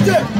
DJ.